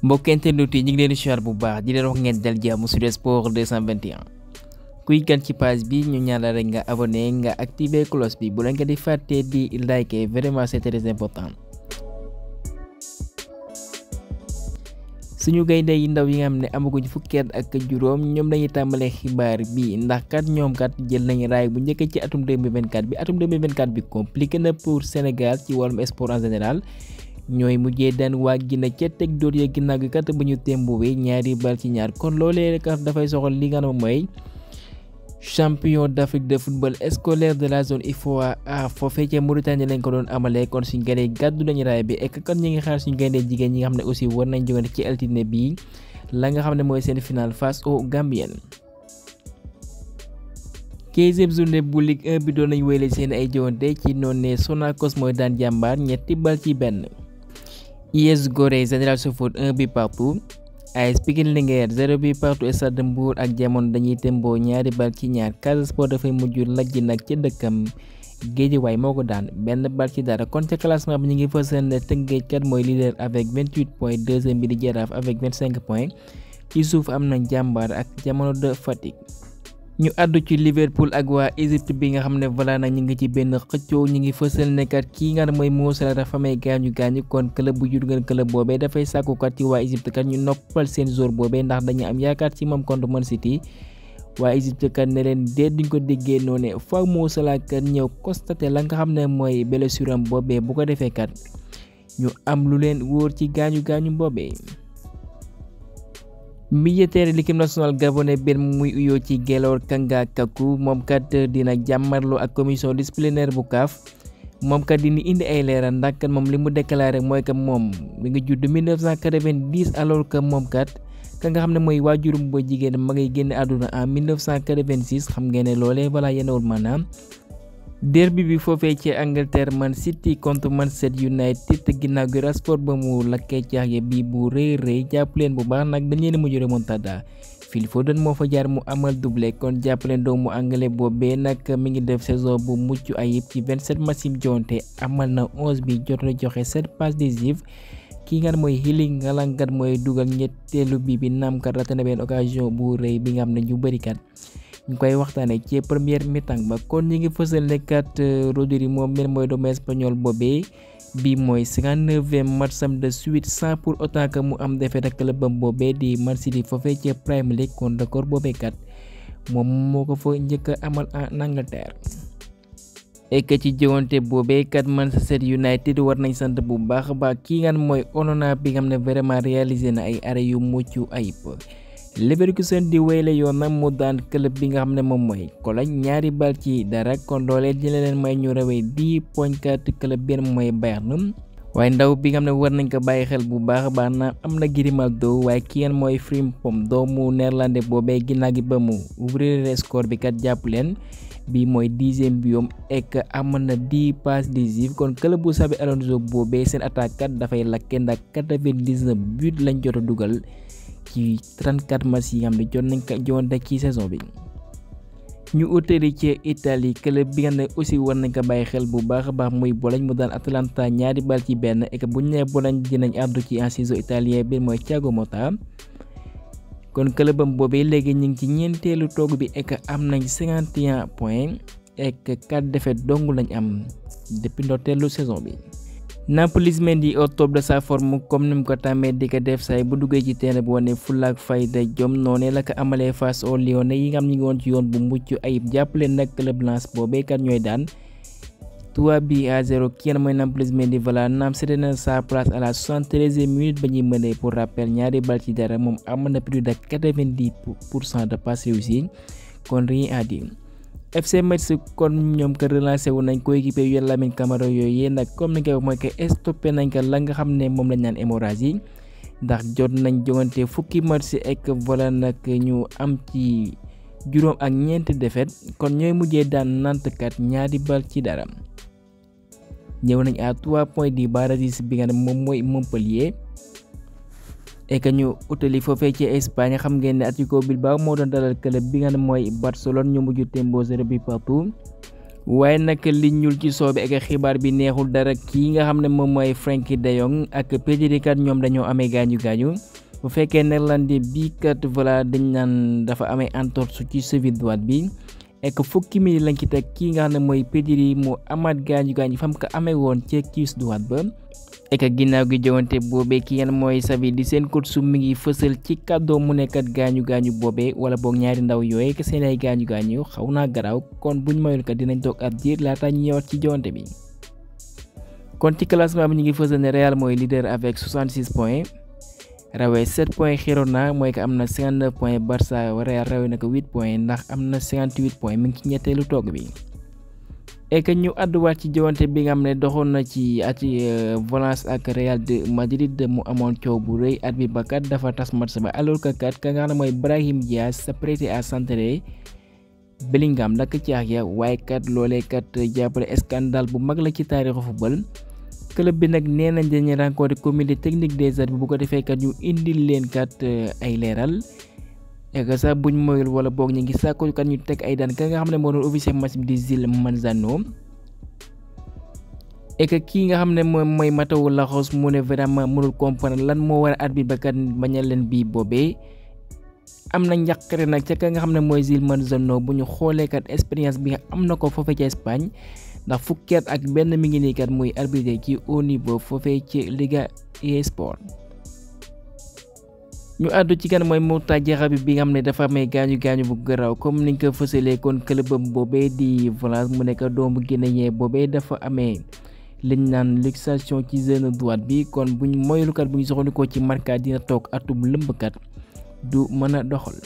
mbokk internet yi ñu ngi leen di siwaar bu baax di leen wax ngeen dal jàmm Sud Sport 221 kuy gan ci page bi ñu ñaanal rek nga abonné nga activer cloche bi bu la nga di fàtte di like e, vraiment c'est très important suñu gaynde yi ndaw yi nga xam ne amaguñ fukki at ak juróom ñoom lañuy tàmbalee xibaar bi ndax kat ñoom kat jël nañ raay bu njëkk ci atum 2024 bi atum 2024 bi compliqué na pour Sénégal ci wàllum sport en général ñooy mujjee daan waa Guinée ca teg dóor ya ginnaaw gi kat bu ñu témbowee ñaari bal ci ñaar kon loolee rek dafay soxal li nga xam mooy champion d'Afrique de football scolaire de la zone IFOA a foofee ca Mauritanie lañ ko doon amalee kon suñ gënee gàddu nañu raay bi ek kon ñi ngi xaar suñ gënee jigéen ñi nga xam ne aussi war nañ jógante ci altine bi la nga xam ne mooy seen final face au Gambien. quinzième journée bu Ligue 1 bi doon nañ seen ay jowante ci noonu mooy daan jàmbaar ñetti bal ci benn. US Gorée Général Sofot 1 bi partout AS Pikine Linguère 0 bi partout Stade Mbour ak Jamono dañuy temboo ñaari bal ci ñaar Casa Sport dafay mujj lajj nag ca dëkkam Guédiawaye moo ko daan benn bal ci dara kon ca classement bi ñu ngi fas yéene Tëngéej kat mooy leader avec 28 points deuxième bi di Jaraaf avec 25 points ci suuf am na Jàmbaar ak Jamono de Fatick. ñu àddu ci Liverpool ak waa Égypte bi nga xam ne voilà na ñu ngi ci benn xëccoo ñu ngi fësal nekkat kii nga xam mooy Mo a dafa may gaañu gaañu kon club bu Jurgen club boobee dafay sàkkukat ci waa Égypte kat ñu noppal seen joueur boobee ndax dañu am yaakaar ci moom kon contre Man City waa Égypte kat ne leen déet duñ ko déggee noonu ne faw Mo Salah kat ñëw constaté la nga xam ne mooy blessure am boobee bu ko defee kat ñu am lu leen wóor ci gaañu gaañu boobee. militaire l'équipe nationale gabonais benn muy uyoo ci Gaylor Kanga Kaku moom kat dina jàmmarloo ak commission disciplinaire bu CAF moom kat dina indi ay leeral ndax moom li mu déclaré mooy que moom mi ngi judd 1990 alors que moom kat ka nga xam ne mooy waajurum ba jigéen ma ngay génn àdduna en 1986 xam nga ne loolee balaa yenewul maanaam derbi bi foofee ci Angleterre Man City contre Manchester United ginnaaw gi Rashford ba mu lakkee caax ya bii bu rëy rëy jàpp leen bu baax nag dañ leen a mujj remontada Phil Foden moo fa jaar mu amal doublé kon jàppale doomu anglais boobee nag mi ngi def saison bu mucc ayib ci 27 match yi jonte amal na 11 bi jot na joxe 7 passes décisives ki nga mooy Hiling ngalankat mooy dugal ñetteelu bi bi naam kat raté na benn occasion bu rëy bi nga xam ne ñu bëri kat. ñu koy waxtaane ci première mi-temps ba kon ñi ngi fësal ne kat Rodri moom mel mooy doomu espagnol boobee bi mooy 59e matcham de suite sans pour autant que mu am defet ak clubam boobee di Man City foofee ci Premier League kon record boobee kat moom moo ko fa njëkk amal en Angleterre. ek ci jëwante boobee kat Manchester United war nañ sant bu baax a baax kii nga mooy Onana bi nga ne vraiment réalisé na ay arrêt yu mucc ayib. ku seen di wéyle yoonam mu daan club bi nga xam ne moom mooy Cologne ñaari bal ci dara kon loolee dina leen may ñu rawee di poñkat club bi mooy Bayern waaye ndaw bi nga xam ne war nañ ko bàyyi xel bu baax a baax na am na Grimaldo waaye ki ngeen mooy Frimpong doomu néerlandais boobee ginnaaw gi ba mu ouvrir score bi kat jàpp leen. bi mooy dixième bi yoom ek amal na dix passes décisives kon club bu Xabi Alonso boobee seen attaque dafay lakke ndax quatre-vingt-dix-neuf but lañ jot a dugal ci 34 match yi jot nañ ko joonte ci saison bi. ñu utali ci Italie club bi nga xam ne aussi war nañ ko bàyyi xel bu baax a baax muy Bologne mu daan Atalanta ñaari bal ci benn ek bu ñu nee Bologne dinañ àddu ci en saison italien bi mooy Thiago Motta. kon këlëbam boobee léegi ñu ngi ci ñeenteelu toog bi ek am nañ 51 points ek 4 défaites dong lañ am depuis ndorteelu saison bi. Nampalys Mendy au top de sa forme comme ni mu ko tàmmee di ko def saay bu duggee ci terrain bi wane fulla ak fayda jom noonee la amalee fas au Lyonnais yi nga xam ñu ngi woon ci yoon bu mucc ayib jàppale nag club lance boobee kat ñooy daan. 3 buts à 0 kenn mooy Nampalys Mendy voilà Nampalys na sa place à la 73e minute ba ñuy pour rappel ñaari bal ci dara moom am na plus de 90 pour cent de passes réussies kon rien à dire FC Metz kon ñoom ko relancé wu nañ coéquipier yu Lamine Camara yooyu nag comme ni nga ko mooy que stoppé nañ ko la nga xam ne lañ naan hémorragie ndax jot nañ jongante fukki match ek voilà nag ñu am ci juróom ak ñeenti défaite kon ñooy mujjee daan nantkat ñaari bal ci dara ñëw nañu à trois points du barragiste bi nga ne moom mooy Montpellier et que ñu utali foofee ci Espagne xam ngeen ne Athletic Bilbao moo doon dalal club bi nga ne mooy Barcelone ñu mujj tembo zéro bi partout waaye nag li ñuul ci soo bi ak xibaar bi neexul dara kii nga xam ne moom mooy Frenkie de Jong ak Pedri ñoom dañoo amee gaañu gaañu bu fekkee néerlandais bi kat voilà dañ naan dafa amee entorse ci cheville droite bi. ek fukki minute lañ ci teg kii nga xam ne mooy Pedri mu amaat gaañu gaañu fam ko amee woon ci kiis duwaat ba ek ginnaaw gi jowante boobee ki yan mooy Xavi di seen coach su mi ngi fësal ci kàddoo mu nekkat gaañu gaañu boobee wala boog ñaari ndaw yooyu ke seen ay gaañu gaañu xaw naa garaaw kon buñ mayul kat dinañ toog ab diir laata ñu ñëwaat ci jowante bi kon ci classement bi ñu ngi fësal ne Real mooy leader avec points rawee 7 point Girona mooy ko am na 59 point Barça Real ya rawee na ko 8 point ndax amna na 58 point mi ngi ci ya ñetteelu toog bi et que ñu àdduwaat ci jowante bi nga xam ne na ci ati eh, Valence ak Real de Madrid mu amoon coow bu rëy at bi ba dafa tas match ba alors que kat ka nga xam ne mooy Brahim Diaz sa prêté à Bellingham ya kat kat eh, scandale bu mag la ci football club bi nag nee nañ dañuy rencontré comité technique des arbitres bu ko defee kat ñu indil leen kat euh, ay leeral et que sax buñ moyul wala boog ñu ngi sàkku kat ñu teg ay daan ka nga xam ne moo doon officier match bi di Gil Manzano et que kii nga xam ne moom mooy Mateo Lahoz mu ne vraiment mënul comprendre lan moo war a bi ba kat bañal leen bii boobee am na njàqare nag ca ka nga xam ne mooy Gil Manzano bu ñu xoolee kat expérience bi am na ko foofee ca Espagne. ndax fukki at ak benn mi ngi nii kat muy arbitre ci au niveau foofee ci liga esport ñu àddu ci kan mooy Mouta Diakhaby bi nga xam ne dafa amee gaañu gaañu bu garaaw comme niñ ko fësalee kon clubam boobee di Valence mu nekk doomu Guinéen boobee dafa amee liñ naan luxation ci zone droite bi kon buñ moylukat buñ soxandikoo ci Marca dina toog atum lëmbkat du mën a doxal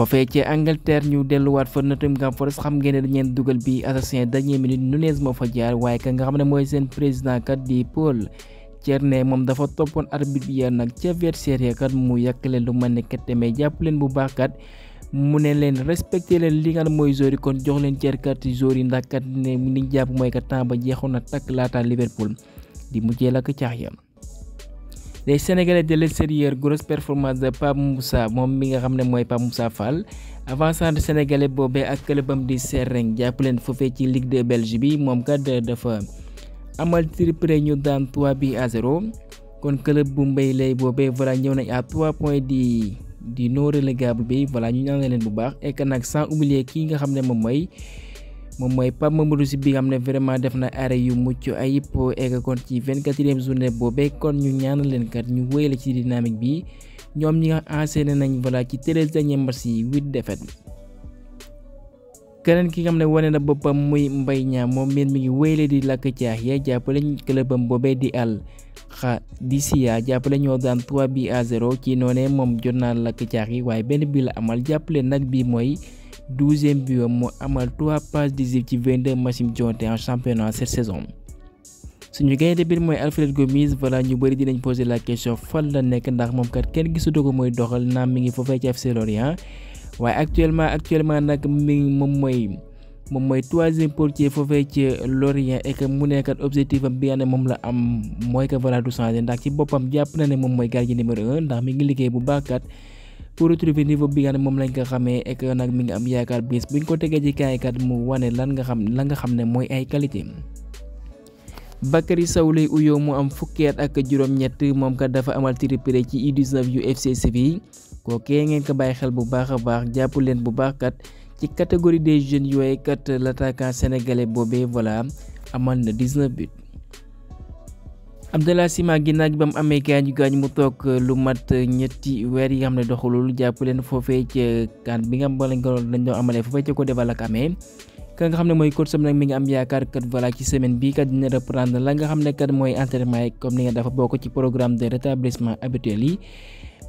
foofee ci Angleterre ñu delluwaat fa Nottingham Forest xam ngeen ne dañeen dugal bi assassin dernière minute Nunez moo fa jaar waaye ka nga xam ne mooy seen président kat di Paul ne moom dafa toppoon arbitre bi ya nag ca adversaire kat mu yàq leen lu mel ne kette mais jàpp leen bu baax kat mu ne leen respecté leen li nga xam mooy joueur yi kon jox leen ceer kat joueur yi ndax kat ne niñ jàpp mooy kat temps ba jeexoon na takk laata Liverpool di mujjee la ko caax yam les Sénégalais de l'extérieur grosse performance de Pape Moussa moom mi nga xam ne mooy Pape Moussa Fall avant-centre sénégalais boobee ak clubam di Sereng jàpp leen foofee ci Ligue 2 Belge bi moom kat euh, dafa amal triplé ñu daan 3 bi à 0 kon club bu mbéy lay boobee voilà ñëw nañ à 3 points di di non relégable bi voilà ñu ñaanal leen bu baax et que nag sans oublier kii nga xam ne moom mooy. moom mooy Pape Mamadou Sy bi nga xam ne vraiment def na arrêt yu mucc ayib egg kon ci vingt-quatrième journée boobee kon ñu ñaanal leen kat ñu wéyale ci dynamique bi ñoom ñi nga nañ voilà ci treize derniers matchs yi huit défaites keneen ki nga xam ne wane na boppam muy mbay Niang moom miin mi ngi wéyle di lakk caax ya jàppale clubam boobee di àll xa di siya jàppale ñoo daan 3 bi à 0 ci noonee moom jot naa làkk caax yi waaye benn bi la amal jàppale nag bi mooy douzième bi moo amal trois passes décisives ci 22 matchs yi jonte en championnat cette saison. suñu gaynde biir mooy Alfred Gomis voilà ñu bëri dinañ poser la question fan la nekk ndax moom kat kenn gisatu ko mooy doxal naam mi ngi foofee ci FC Lorient waaye actuellement actuellement nag mi ngi moom mooy moom mooy troisième portier foofee ci Lorient et que mu nekkat objectif am bi nga ne moom la am mooy que voilà du changé ndax ci boppam jàpp na ne moom mooy gardien numéro 1 ndax mi ngi liggéey bu baax kat pour retrouver niveau bi nga xam moom lañ ko xamee ek nag mi ngi am yaakaar bis buñ ko tegee ci kaaykat mu wane lan nga xam la nga xam ne mooy ay qualité Bakary Sow u yow mu am fukki ak juróom-ñett moom kat dafa amal triplé ci U19 UFC Séville kookee ngeen ko bàyyi xel bu baax a baax jàpp leen bu baax kat ci catégorie des jeunes yooyu kat l'attaquant sénégalais boobee voilà amal na 19 buts. Abdallah Simaguine nag ba mu amee gaañ gaañ mu toog lu mat ñetti weer yi nga xam ne doxalul jàpp leen foofee kan bi nga xam lañ ko lañ doon amalee foofee ca ko defal ak amee ka nga xam ne mooy coach sam nag mi ngi am yaakaar kat voilà ci semaine bii kat dina reprendre la nga xam ne kat mooy entraînement yi comme ni nga dafa bokk ci programme de rétablissement habituel yi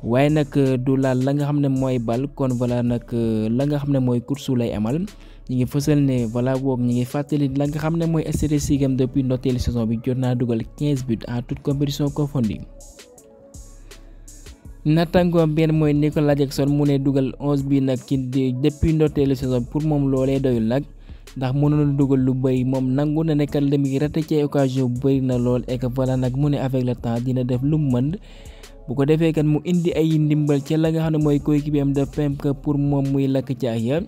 waaye nag du laal la nga xam ne bal kon voilà nak la nga xam ne mooy course lay amal ñi ngi fësal ne voilà boobu ñi ngi fàttali la nga xam ne mooy statistique am depuis ndorteelu saison bi jot naa dugal 15 buts en toute compétition confondue. nattangoom benn mooy Nicolas Jackson mu ne dugal 11 bi nag ci depuis ndorteelu saison pour moom loolee doyul nag ndax mënoon dugal lu bay moom nangu na ne kat li muy raté ci occasion bu bëri na lool et que nag mu ne avec le temps dina def lu mu mën. bu ko defee kan mu indi ay ndimbal ci la nga xam ne mooy coéquipier am de PMK pour moom muy lakk ci ya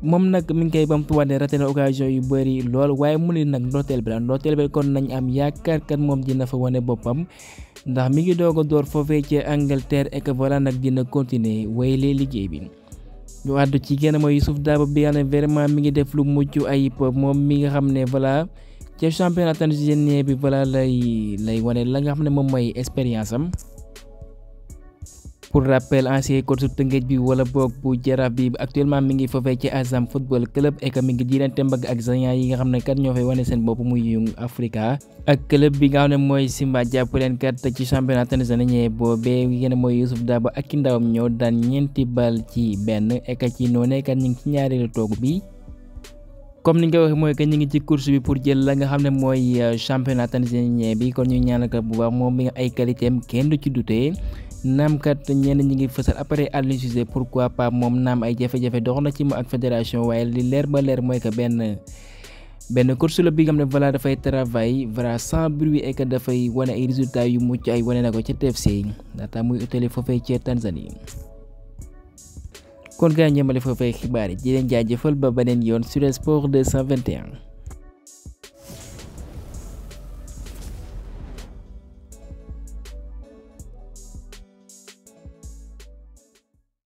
moom nag mi ngi koy bamtuwaat ne raté na occasion yu bëri lool waaye mu ne nag ndoorteel bi la ndoorteel bi kon nañ am yaakaar kat moom dina fa wane boppam ndax mi ngi doog a door foofee ci Angleterre et que voilà nag dina continuer wéyale liggéey bi. ñu àddu ci kenn mooy Youssouf Dabo bi vraiment mi ngi def lu mucc ayib moom mi nga xam ne voilà ca championnat tunisien bi voilà lay lay wane la nga xam ne moom mooy expérience am. pour rappel ancien coach Tëngéej bi wala boog bu Jaraaf bi actuellement mi ngi foofee ci Azam football club et que mi ngi jiirante mbagg ak Zayan yi nga xam ne kat ñoo fay wane seen bopp muy Young Africa ak club bi nga xam ne mooy Simba jàpp leen kat ci championnat Tanzanie ñëwee boobee yi ngeen mooy Youssouf Dabo ak ki ndawam ñoo daan ñeenti bal ci benn et que ci noonee kat ñu ngi ci ñaareelu toog bi. comme ni nga waxee mooy que ñu ngi ci course bi pour jël la nga xam ne mooy euh, championnat kon ñu moom mi nga ay qualité am kenn du naamkat ñenn ñi ngi fësal après Aliou pour pourquoi pas moom naam ay jafe-jafe dox na ci mu ak fédération waaye di leer ba leer mooy que benn benn course la bi nga xam ne voilà dafay travail voilà sans bruit et que dafay wane ay résultats yu mucc ay wane na ko ca TFC laata muy utali foofee ca Tanzanie. kon gaa ñëmale foofee xibaar yi di leen jaajëfal ba beneen yoon sur Sport 221.